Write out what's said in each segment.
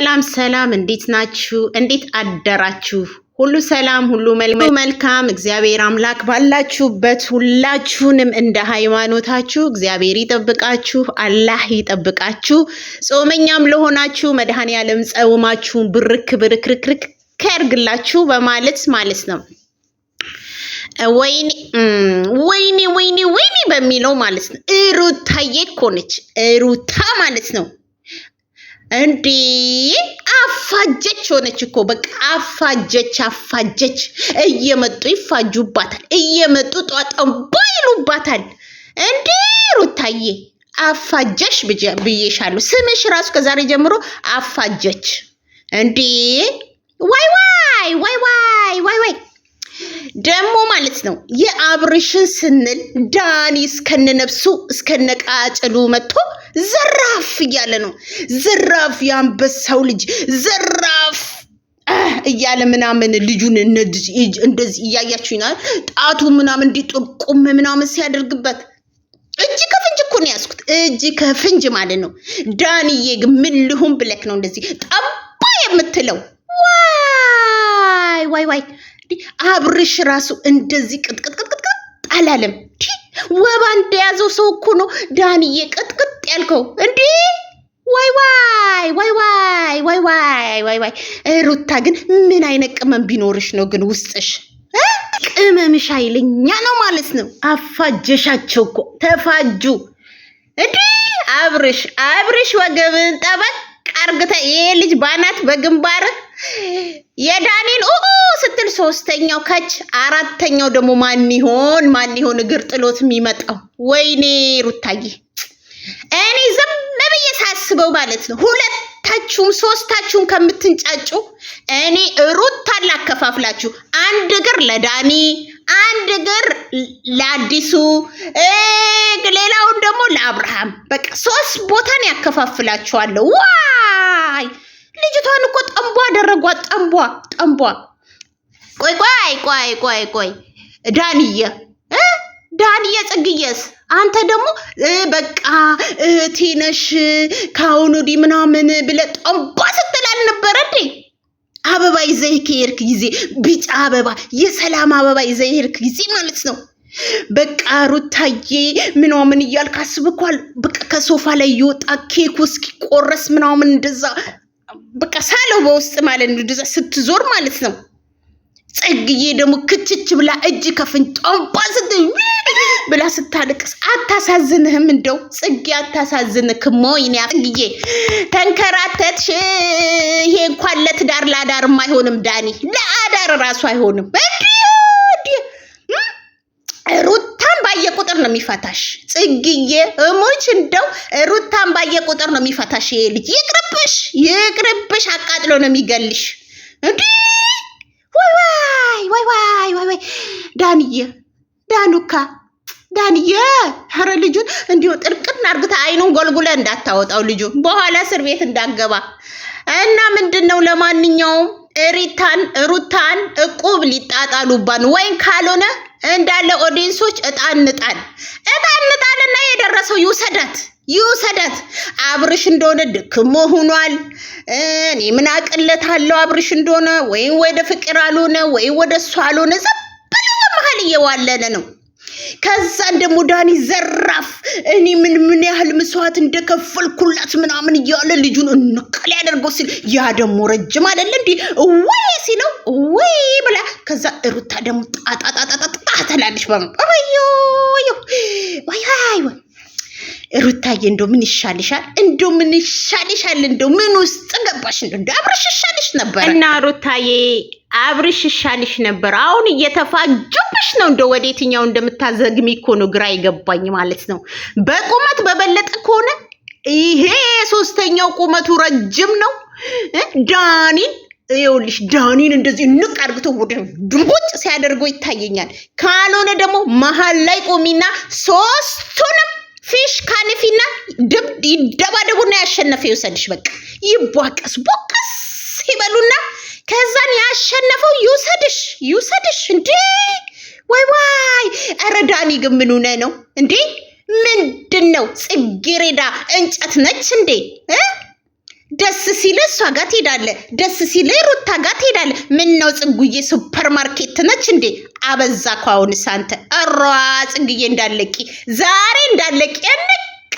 ሰላም ሰላም፣ እንዴት ናችሁ? እንዴት አደራችሁ? ሁሉ ሰላም፣ ሁሉ መልካም። እግዚአብሔር አምላክ ባላችሁበት ሁላችሁንም እንደ ሃይማኖታችሁ እግዚአብሔር ይጠብቃችሁ፣ አላህ ይጠብቃችሁ። ጾመኛም ለሆናችሁ መድኃኔ ዓለም ጸውማችሁን ብርክ ብርክርክርክ ከርግላችሁ በማለት ማለት ነው ወይኔ ወይኔ ወይኔ ወይኔ በሚለው ማለት ነው። እሩታዬ እኮ ነች እሩታ ማለት ነው እንዴ አፋጀች ሆነች እኮ በቃ አፋጀች አፋጀች። እየመጡ ይፋጁባታል፣ እየመጡ ጧጠንቦ ይሉባታል። እንዴ ሩታዬ አፋጀሽ ብዬሻለሁ። ስምሽ ራሱ ከዛሬ ጀምሮ አፋጀች። እንዴ ዋይ ዋይ ዋይ ዋይ ዋይ ዋይ ደግሞ ማለት ነው የአብርሽን ስንል ዳኒ እስከነነብሱ እስከነቃጭሉ መጥቶ ዘራፍ እያለ ነው። ዘራፍ የአንበሳው ልጅ ዘራፍ እያለ ምናምን ልጁን እንደዚህ እያያችሁ ይናል። ጣቱ ምናምን እንዲጠቁም ምናምን ሲያደርግበት እጅ ከፍንጅ እኮ ነው ያዝኩት፣ እጅ ከፍንጅ ማለት ነው። ዳንዬ ግን ምን ልሁን ብለክ ነው እንደዚህ ጠባ የምትለው? ዋይ ዋይ ዋይ አብርሽ ራሱ እንደዚህ ቅጥቅጥቅጥቅጥ አላለም። ወባ እንደያዘው ሰው እኮ ነው ዳንዬ፣ ቅጥቅጥ ያልከው እንዴ! ዋይ ዋይ ዋይ ዋይ ዋይ ዋይ ዋይ ዋይ! ሩታ ግን ምን አይነት ቅመም ቢኖርሽ ነው ግን ውስጥሽ ቅመምሽ አይለኛ ነው ማለት ነው። አፋጀሻቸው እኮ ተፋጁ። እንዴ አብርሽ አብርሽ ወገብን ጠበቅ አርግተ ይሄ ልጅ ባናት በግንባር የዳኒን ኡ ስትል ሶስተኛው ከች አራተኛው ደግሞ ማን ይሆን ማን ይሆን እግር ጥሎት የሚመጣው? ወይኔ ሩታዬ፣ እኔ ዝም ብዬ ሳስበው ማለት ነው ሁለታችሁም ሶስታችሁም ከምትንጫጩ እኔ ሩታን ላከፋፍላችሁ፣ አንድ እግር ለዳኒ አንድ እግር ለአዲሱ ሌላውን ደግሞ ለአብርሃም። በቃ ሶስት ቦታን ያከፋፍላችኋለሁ። ዋይ ልጅቷን እኮ ጠንቧ አደረጓ። ጠንቧ ጠንቧ። ቆይ ቆይ ቆይ ቆይ ቆይ ዳንዬ ዳንዬ ጽግየስ አንተ ደግሞ በቃ ቴነሽ ከአሁኑ ዲ ምናምን ብለህ ጠንቧ ስትል አልነበረ እንዴ? አበባ ይዘህ ከሄድክ ጊዜ ቢጫ አበባ የሰላም አበባ ይዘህ ሄድክ ጊዜ ማለት ነው። በቃ ሩታዬ ምናምን እያልክ አስብኳል። በቃ ከሶፋ ላይ እየወጣ ኬኩ እስኪቆረስ ምናምን እንደዛ በቃ ሳለው በውስጥ ማለት ነው ድዛ ስትዞር ማለት ነው። ጸግዬ ደግሞ ክችች ብላ እጅ ከፍን ከፍንጫምባ ስት ብላ ስታለቅስ አታሳዝንህም? እንደው ጽጌ አታሳዝንክም? ወይኔ ጽግዬ ተንከራተትሽ። ይሄ እንኳን ለትዳር ለአዳርም አይሆንም ዳኒ፣ ለአዳር ራሱ አይሆንም። ሩታን ባየ ቁጥር ነው የሚፈታሽ ጽግዬ፣ እሞች እንደው ሩታን ባየ ቁጥር ነው የሚፈታሽ ይሄ ልጅ ይቅርብሽ፣ አቃጥሎ ነው የሚገልሽ። ወይ ወይ ወይ ወይ ወይ ዳንዬ ዳኑካ ዳንዬ ኧረ ልጁን እንዲሁ ጥርቅን አርግታ አይኑን ጎልጉለ እንዳታወጣው ልጁ በኋላ እስር ቤት እንዳገባ እና ምንድን ነው ለማንኛውም ሪታን ሩታን እቁብ ሊጣጣሉባን ወይም ካልሆነ እንዳለ ኦዲንሶች እጣንጣል እና የደረሰው ይውሰዳት። ይውሰዳት። አብርሽ እንደሆነ ድክሞ ሆኗል። እኔ ምን አቅለታለሁ? አብርሽ እንደሆነ ወይም ወደ ፍቅር አልሆነ ወይም ወደ እሱ አልሆነ፣ ዝም ብሎ በመሀል እየዋለለ ነው። ከዛን ደግሞ ዳኒ ዘራፍ፣ እኔ ምን ምን ያህል መስዋዕት እንደከፈልኩላት ምናምን እያለ ልጁን እንቀል ያደርገው ሲል ያ ደግሞ ረጅም አይደለ እንዲ ወይ ሲለው ወይ ብላ ከዛ እሩታ ደግሞ ጣጣጣጣጣ ትላለች በመ ወይ ወይ ወይ ሩታዬ እንዶ ምን ይሻልሻል? እንዶ ምን ይሻልሻል? እንዶ ምን ውስጥ ገባሽ? እንዶ አብርሽ ይሻልሽ ነበር እና ሩታዬ አብርሽ ይሻልሽ ነበር። አሁን እየተፋጁብሽ ነው። እንደው ወደ የትኛው እንደምታዘግሚ እኮ ነው ግራ ይገባኝ ማለት ነው። በቁመት በበለጠ ከሆነ ይሄ ሶስተኛው ቁመቱ ረጅም ነው። ዳኒን ይኸውልሽ ዳኒን እንደዚህ ንቅ አድርግቶ ወደ ድንቦጭ ሲያደርገው ይታየኛል። ካልሆነ ደግሞ መሀል ላይ ቆሚና ሶስቱንም ፊሽ ካነፊና ይደባደቡና ያሸነፈ ይውሰድሽ። በቃ ይቧቀስ ቦቀስ ይበሉና ከዛን ያሸነፈው ይውሰድሽ ይውሰድሽ። እንዴ ወይ ዋይ! ኧረ ዳኒ ግን ምን ሆነ ነው እንዴ? ምንድን ነው ጽጌሬዳ እንጨት ነች እንዴ? ደስ ሲል እሷ ጋር ትሄዳለ፣ ደስ ሲል ሩታ ጋር ምን ነው ጽጉዬ ሱፐር ማርኬት ነች እንዴ? አበዛኩ። አሁንስ ሳንተ እሯ ጽግዬ እንዳለቂ ዛሬ እንዳለቂ እንቅ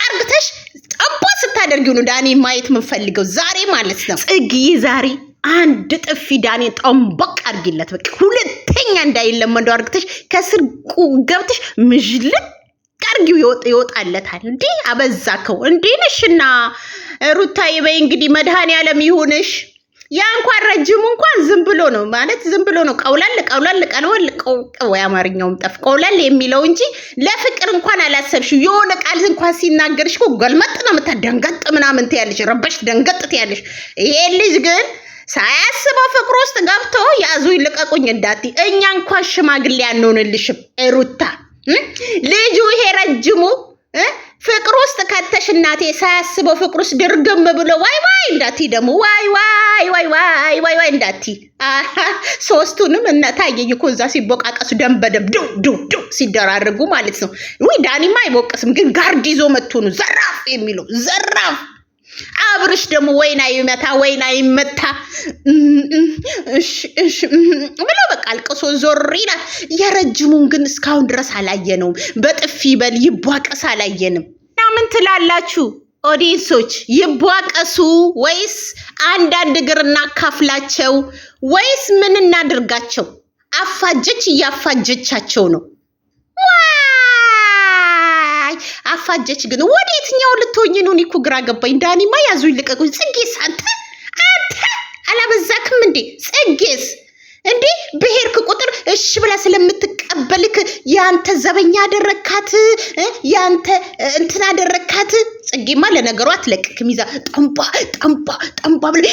አርግተሽ ጠቧ ስታደርጊው ነው ዳኔ ማየት የምንፈልገው ዛሬ ማለት ነው። ጽግዬ ዛሬ አንድ ጥፊ ዳኔ ጠንበቅ አርጊለት። በቃ ሁለተኛ እንዳይለመደው አርግተሽ ከስር ገብተሽ ምዥልት አድርጊው ይወጣለታል። እንዴ አበዛከው እንዴ ነሽና ሩታዬ፣ በይ እንግዲህ መድኃኔዓለም ይሁንሽ። ያ እንኳን ረጅሙ እንኳን ዝም ብሎ ነው ማለት ዝም ብሎ ነው። ቀውላል ቀውላል ቀልወል ወይ አማርኛውም ጠፍ ቀውላል የሚለው እንጂ ለፍቅር እንኳን አላሰብሽው። የሆነ ቃል እንኳን ሲናገርሽ እኮ ገልመጥ ነው ደንገጥ ምናምን ትያለሽ፣ ረበሽ ደንገጥ ትያለሽ። ይሄ ልጅ ግን ሳያስበው ፍቅር ውስጥ ገብቶ ያዙ ይልቀቁኝ እንዳትዪ። እኛ እንኳን ሽማግሌ አንሆንልሽም ሩታ ልጁ ይሄ ረጅሙ ፍቅር ውስጥ ከተሽ እናቴ ሳያስበው ፍቅር ውስጥ ድርግም ብሎ ዋይ ዋይ እንዳቲ ደግሞ ዋይ ዋይ ዋይ ዋይ ዋይ ዋይ እንዳቲ ሶስቱንም እና ታየኝ እኮ እዛ ሲቦቃቀሱ ደም በደም ዱ ዱ ዱ ሲደራርጉ ማለት ነው። ወይ ዳኒማ አይቦቅስም፣ ግን ጋርድ ይዞ መቶኑ ነው ዘራፍ የሚለው ዘራፍ አብርሽ ደግሞ ወይና ይመታ ወይና ይመታ ብሎ በቃ አልቅሶ ዞር ይላል። የረጅሙን ግን እስካሁን ድረስ አላየነውም። በጥፊ በል ይቧቀስ አላየንም። እና ምን ትላላችሁ? ኦዲንሶች ይቧቀሱ ወይስ አንዳንድ እግር እናካፍላቸው ወይስ ምን እናድርጋቸው? አፋጀች እያፋጀቻቸው ነው። አፋጀች። ግን ወደ የትኛው ልትሆኝ ነው? እኔ እኮ ግራ ገባኝ። ዳኒማ ያዙ ይልቀቁኝ። ጽጌስ አንተ አንተ አላበዛክም እንዴ ጽጌስ እንዴ ብሄርክ ቁጥር እሺ ብላ ስለምትቀበልክ ያንተ ዘበኛ አደረካት፣ ያንተ እንትን አደረካት። ጽጌማ ለነገሩ አትለቅክም። ይዛ ጠንባ ጠንባ ጠንባ ብለ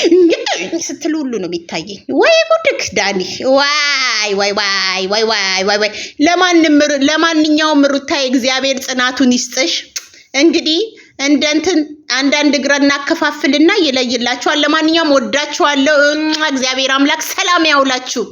ስትል ሁሉ ነው የሚታየኝ። ወይ ጉድክ ዳኒ! ዋይ ዋይ ዋይ ዋይ ዋይ ዋይ ዋይ! ለማንኛውም ሩታ እግዚአብሔር ጽናቱን ይስጥሽ። እንግዲህ እንደንትን አንዳንድ እግረ እናከፋፍልና ይለይላችኋል። ለማንኛውም ወዳችኋለሁ። እግዚአብሔር አምላክ ሰላም ያውላችሁ።